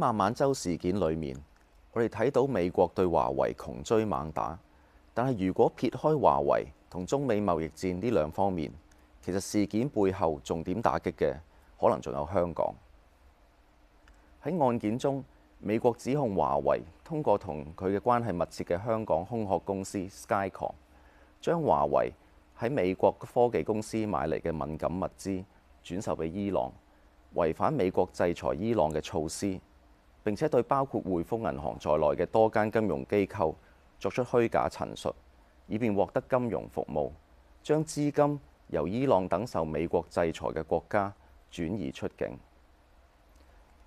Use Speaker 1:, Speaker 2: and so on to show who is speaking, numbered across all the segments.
Speaker 1: 孟晚舟事件裏面，我哋睇到美國對華為窮追猛打。但係如果撇開華為同中美貿易戰呢兩方面，其實事件背後重點打擊嘅可能仲有香港。喺案件中，美國指控華為通過同佢嘅關係密切嘅香港空殼公司 Skycom，將華為喺美國科技公司買嚟嘅敏感物資轉售俾伊朗，違反美國制裁伊朗嘅措施。並且對包括匯豐銀行在內嘅多間金融機構作出虛假陳述，以便獲得金融服務，將資金由伊朗等受美國制裁嘅國家轉移出境。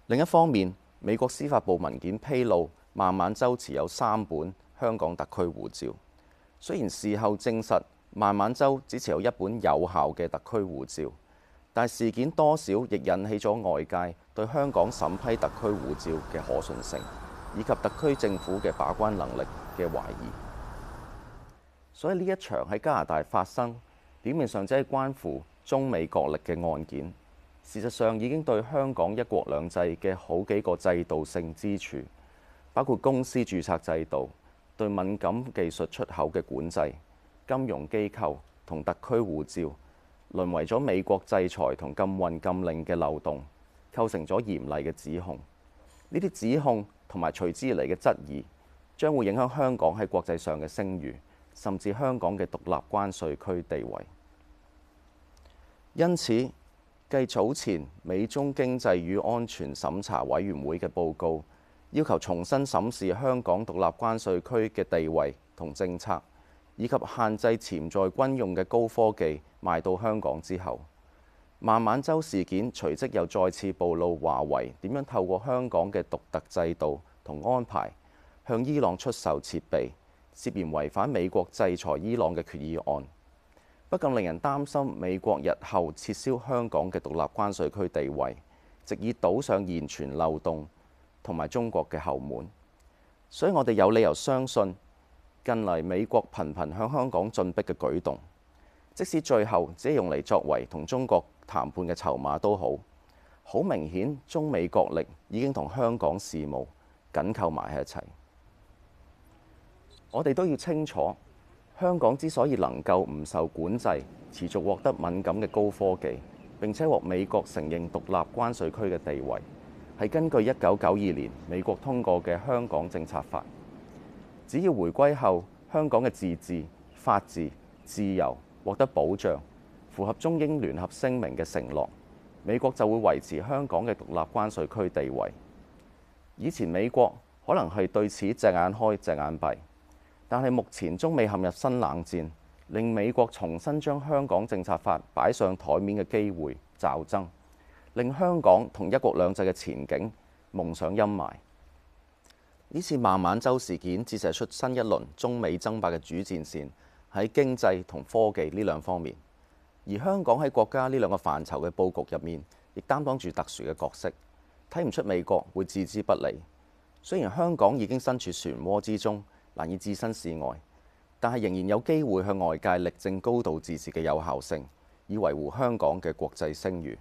Speaker 1: 另一方面，美國司法部文件披露，孟晚舟持有三本香港特區護照。雖然事後證實，孟晚舟只持有一本有效嘅特區護照。但事件多少亦引起咗外界對香港審批特區護照嘅可信性，以及特區政府嘅把關能力嘅懷疑。所以呢一場喺加拿大發生，表面上只係關乎中美角力嘅案件，事實上已經對香港一國兩制嘅好幾個制度性支柱，包括公司注冊制度、對敏感技術出口嘅管制、金融機構同特區護照。淪為咗美國制裁同禁運禁令嘅漏洞，構成咗嚴厲嘅指控。呢啲指控同埋隨之而嚟嘅質疑，將會影響香港喺國際上嘅聲譽，甚至香港嘅獨立關稅區地位。因此，繼早前美中經濟與安全審查委員會嘅報告，要求重新審視香港獨立關稅區嘅地位同政策，以及限制潛在軍用嘅高科技賣到香港之後，孟晚舟事件隨即又再次暴露華為點樣透過香港嘅獨特制度同安排向伊朗出售設備，涉嫌違反美國制裁伊朗嘅決議案，不禁令人擔心美國日後撤銷香港嘅獨立關稅區地位，藉以堵上言傳漏洞同埋中國嘅後門，所以我哋有理由相信近嚟美國頻頻向香港進逼嘅舉動。即使最後只係用嚟作為同中國談判嘅籌碼都好，好明顯，中美角力已經同香港事務緊扣埋喺一齊。我哋都要清楚，香港之所以能夠唔受管制，持續獲得敏感嘅高科技，並且獲美國承認獨立關稅區嘅地位，係根據一九九二年美國通過嘅《香港政策法》。只要回歸後，香港嘅自治、法治、自由，獲得保障，符合中英聯合聲明嘅承諾，美國就會維持香港嘅獨立關稅區地位。以前美國可能係對此隻眼開隻眼閉，但係目前中美陷入新冷戰，令美國重新將香港政策法擺上台面嘅機會驟增，令香港同一國兩制嘅前景蒙上陰霾。呢次孟晚舟事件折射出新一輪中美爭霸嘅主戰線。喺經濟同科技呢兩方面，而香港喺國家呢兩個範疇嘅佈局入面，亦擔當住特殊嘅角色。睇唔出美國會置之不理。雖然香港已經身處漩渦之中，難以置身事外，但係仍然有機會向外界力證高度自治嘅有效性，以維護香港嘅國際聲譽。